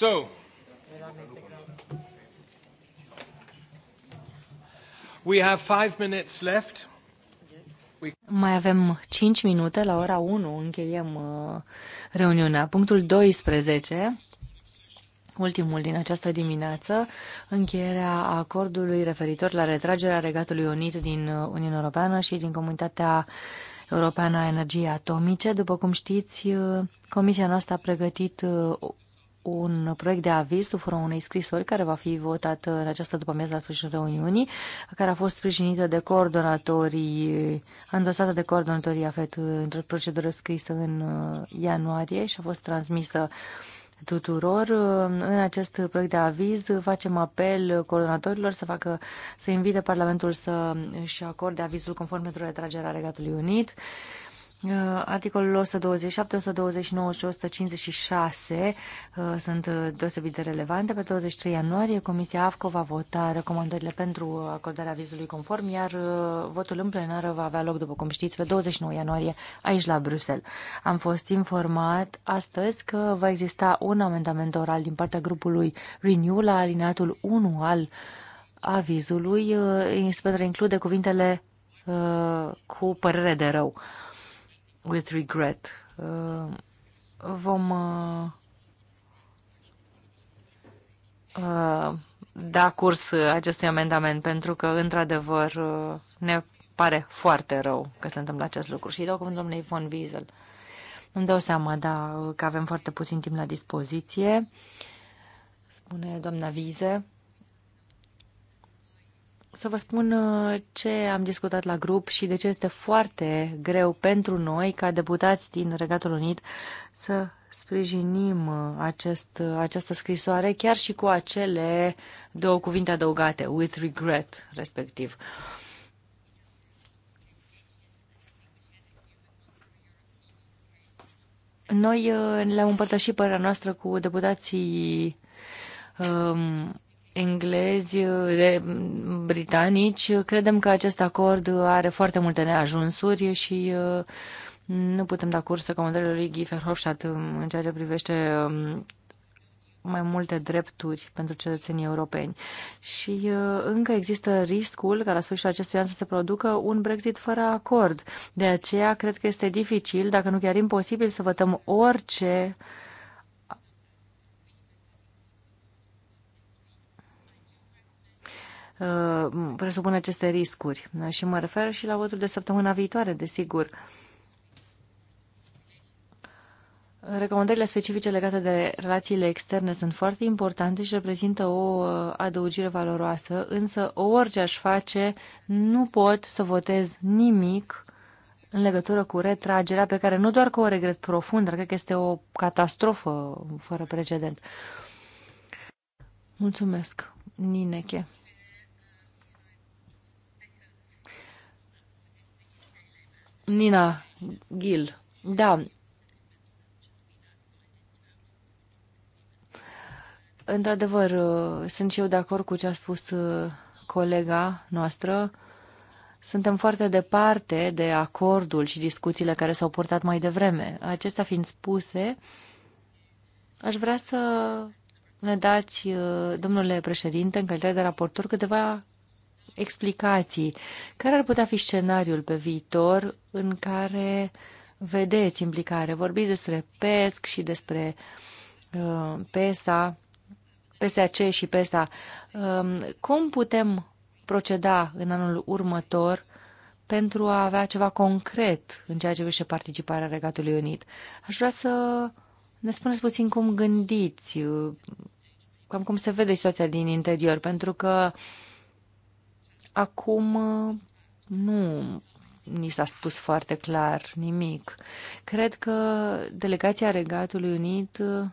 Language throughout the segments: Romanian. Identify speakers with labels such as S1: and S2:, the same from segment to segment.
S1: So, we have five minutes left.
S2: Mai avem 5 minute, la ora 1 încheiem uh, reuniunea. Punctul 12, ultimul din această dimineață, încheierea acordului referitor la retragerea Regatului Unit din uh, Uniunea Europeană și din Comunitatea Europeană a Energiei Atomice. După cum știți, uh, Comisia noastră a pregătit un proiect de aviz sub formă unei scrisori care va fi votat în această după-amiază la sfârșitul reuniunii, care a fost sprijinită de coordonatorii, îndosată de coordonatorii AFET într-o procedură scrisă în uh, ianuarie și a fost transmisă tuturor. Uh, în acest proiect de aviz facem apel coordonatorilor să facă, să invite Parlamentul să își acorde avizul conform pentru retragerea Regatului Unit. Uh, articolul 127, 129 și 156 uh, sunt uh, deosebit de relevante. Pe 23 ianuarie, Comisia AFCO va vota recomandările pentru acordarea vizului conform, iar votul în plenară va avea loc, după cum știți, pe 29 ianuarie, aici la Bruxelles. Am fost informat astăzi că va exista un amendament oral din partea grupului Renew la alineatul 1 al avizului. Spre include cuvintele cu părere de rău. Uh, with regret. Uh, vom uh, uh, da curs acestui amendament pentru că, într-adevăr, ne pare foarte rău că se întâmplă acest lucru. Și dau cuvântul domnului von Wiesel. Îmi dau seama, da, că avem foarte puțin timp la dispoziție, spune doamna Vize să vă spun uh, ce am discutat la grup și de ce este foarte greu pentru noi, ca deputați din Regatul Unit, să sprijinim uh, acest, uh, această scrisoare, chiar și cu acele două cuvinte adăugate, with regret, respectiv. Noi le-am împărtășit părerea noastră cu deputații um, englezi, de, britanici, credem că acest acord are foarte multe neajunsuri și uh, nu putem da curs comandărilor lui Guy Verhofstadt um, în ceea ce privește um, mai multe drepturi pentru cetățenii europeni. Și uh, încă există riscul ca la sfârșitul acestui an să se producă un Brexit fără acord. De aceea cred că este dificil, dacă nu chiar imposibil, să votăm orice uh, Uh, presupun aceste riscuri. Și mă refer și la votul de săptămâna viitoare, desigur. Recomandările specifice legate de relațiile externe sunt foarte importante și reprezintă o uh, adăugire valoroasă, însă orice aș face, nu pot să votez nimic în legătură cu retragerea pe care nu doar că o regret profund, dar cred că este o catastrofă fără precedent. Mulțumesc, Nineche. Nina Gil. Da. Într-adevăr, uh, sunt și eu de acord cu ce a spus uh, colega noastră. Suntem foarte departe de acordul și discuțiile care s-au purtat mai devreme. Acestea fiind spuse, aș vrea să ne dați, uh, domnule președinte, în calitate de raportor, câteva explicații. Care ar putea fi scenariul pe viitor în care vedeți implicare? Vorbiți despre PESC și despre uh, PESA, PSAC și PESA. Um, cum putem proceda în anul următor pentru a avea ceva concret în ceea ce privește participarea Regatului Unit? Aș vrea să ne spuneți puțin cum gândiți, uh, cam cum se vede situația din interior, pentru că uh, Acum uh, nu ni s-a spus foarte clar nimic. Cred că delegația Regatului Unit uh,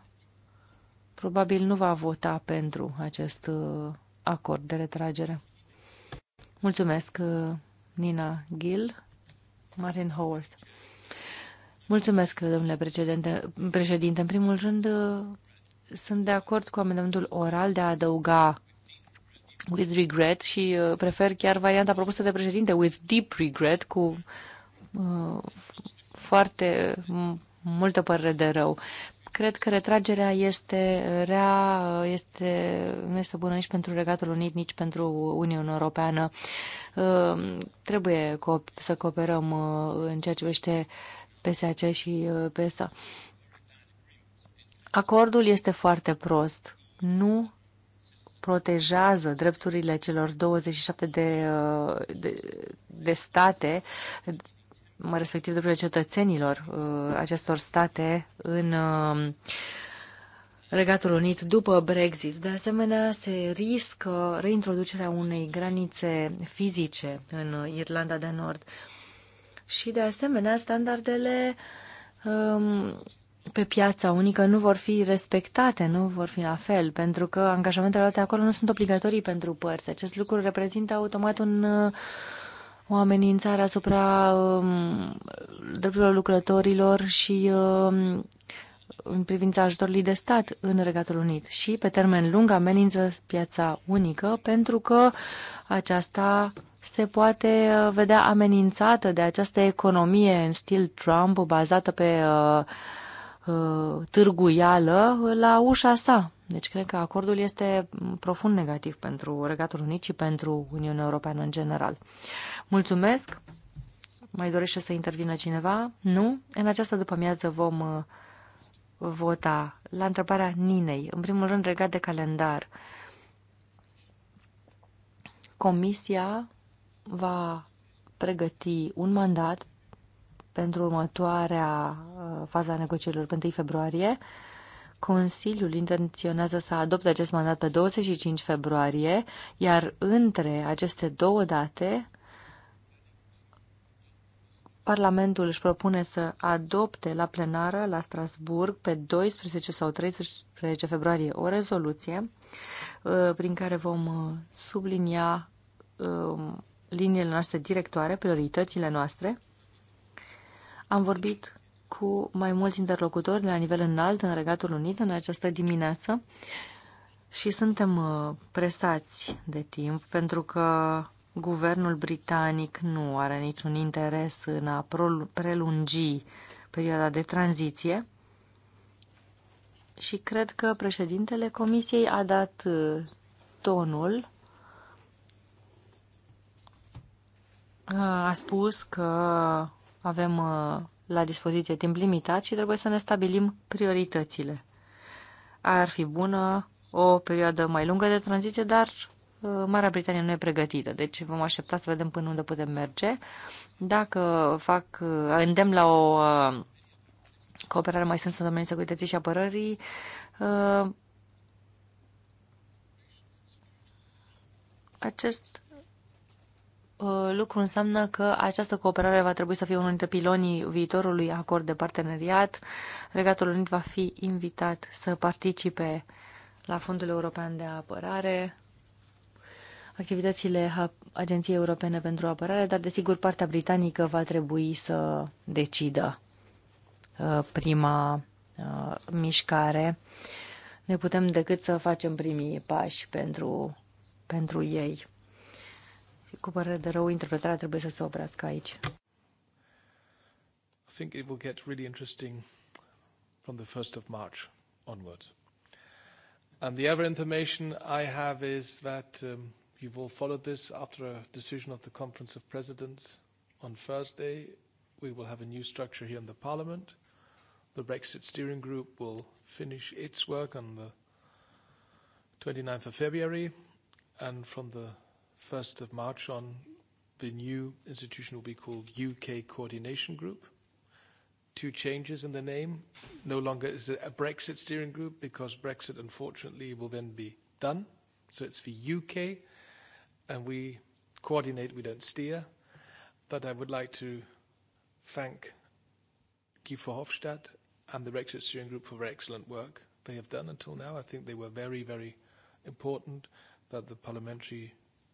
S2: probabil nu va vota pentru acest uh, acord de retragere. Mulțumesc, Nina Gill, Martin Howard. Mulțumesc, domnule președinte. În primul rând, sunt de acord cu amendamentul oral de a adăuga with regret și uh, prefer chiar varianta propusă de președinte with deep regret cu uh, foarte multă părere de rău. Cred că retragerea este rea, uh, este, nu este bună nici pentru Regatul Unit, nici pentru Uniunea Europeană. Uh, trebuie să cooperăm în ceea ce vește PSAC și PESA. Acordul este foarte prost. Nu protejează drepturile celor 27 de, uh, de, de state, respectiv drepturile cetățenilor uh, acestor state în uh, Regatul Unit după Brexit. De asemenea, se riscă reintroducerea unei granițe fizice în Irlanda de Nord. Și, de asemenea, standardele um, pe piața unică nu vor fi respectate, nu vor fi la fel, pentru că angajamentele luate acolo nu sunt obligatorii pentru părți. Acest lucru reprezintă automat un, uh, o amenințare asupra um, drepturilor lucrătorilor și um, în privința ajutorului de stat în Regatul Unit și pe termen lung amenință piața unică pentru că aceasta se poate uh, vedea amenințată de această economie în stil Trump bazată pe uh, Uh, târguială la ușa sa. Deci cred că acordul este profund negativ pentru Regatul Unit și pentru Uniunea Europeană în general. Mulțumesc! Mai dorește să intervină cineva? Nu? În această după-amiază vom uh, vota la întrebarea Ninei. În primul rând, regat de calendar. Comisia va pregăti un mandat pentru următoarea uh, fază a negocierilor pe 1 februarie. Consiliul intenționează să adopte acest mandat pe 25 februarie, iar între aceste două date, Parlamentul își propune să adopte la plenară la Strasburg pe 12 sau 13 februarie o rezoluție uh, prin care vom uh, sublinia um, liniile noastre directoare, prioritățile noastre am vorbit cu mai mulți interlocutori la nivel înalt în Regatul Unit în această dimineață și suntem uh, presați de timp pentru că guvernul britanic nu are niciun interes în a prelungi perioada de tranziție și cred că președintele Comisiei a dat uh, tonul uh, a spus că avem uh, la dispoziție timp limitat și trebuie să ne stabilim prioritățile. Ar fi bună o perioadă mai lungă de tranziție, dar uh, Marea Britanie nu e pregătită, deci vom aștepta să vedem până unde putem merge. Dacă fac, uh, îndemn la o cooperare mai strânsă în domeniul securității și apărării, acest Uh, lucru înseamnă că această cooperare va trebui să fie unul dintre pilonii viitorului acord de parteneriat. Regatul Unit va fi invitat să participe la Fondul European de Apărare, activitățile Agenției Europene pentru Apărare, dar desigur partea britanică va trebui să decidă uh, prima uh, mișcare. Ne putem decât să facem primii pași pentru, pentru ei cu părere de rău, interpretarea trebuie să se oprească aici.
S1: I think it will get really interesting from the 1st of March onwards. And the other information I have is that um, you've all followed this after a decision of the Conference of Presidents on Thursday. We will have a new structure here in the Parliament. The Brexit Steering Group will finish its work on the 29th of February, and from the 1st of March on, the new institution will be called UK Coordination Group. Two changes in the name. No longer is it a Brexit steering group because Brexit, unfortunately, will then be done. So it's the UK, and we coordinate, we don't steer. But I would like to thank Guy Verhofstadt and the Brexit steering group for their excellent work they have done until now. I think they were very, very important that the parliamentary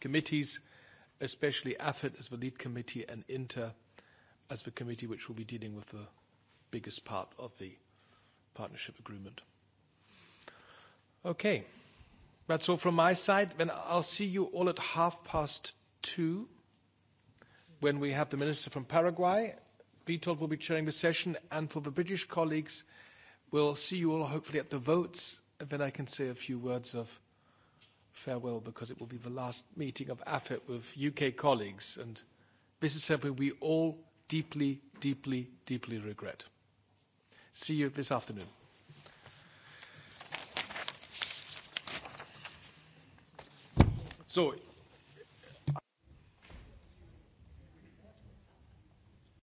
S1: committees, especially AFET as the lead committee and INTER as the committee which will be dealing with the biggest part of the partnership agreement. Okay. That's all from my side. Then I'll see you all at half past two when we have the minister from Paraguay. Vitold will be chairing the session. And for the British colleagues, we'll see you all hopefully at the votes. And then I can say a few words of farewell because it will be the last meeting of AFET with UK colleagues, and this is something we all deeply, deeply, deeply regret. See you this afternoon. So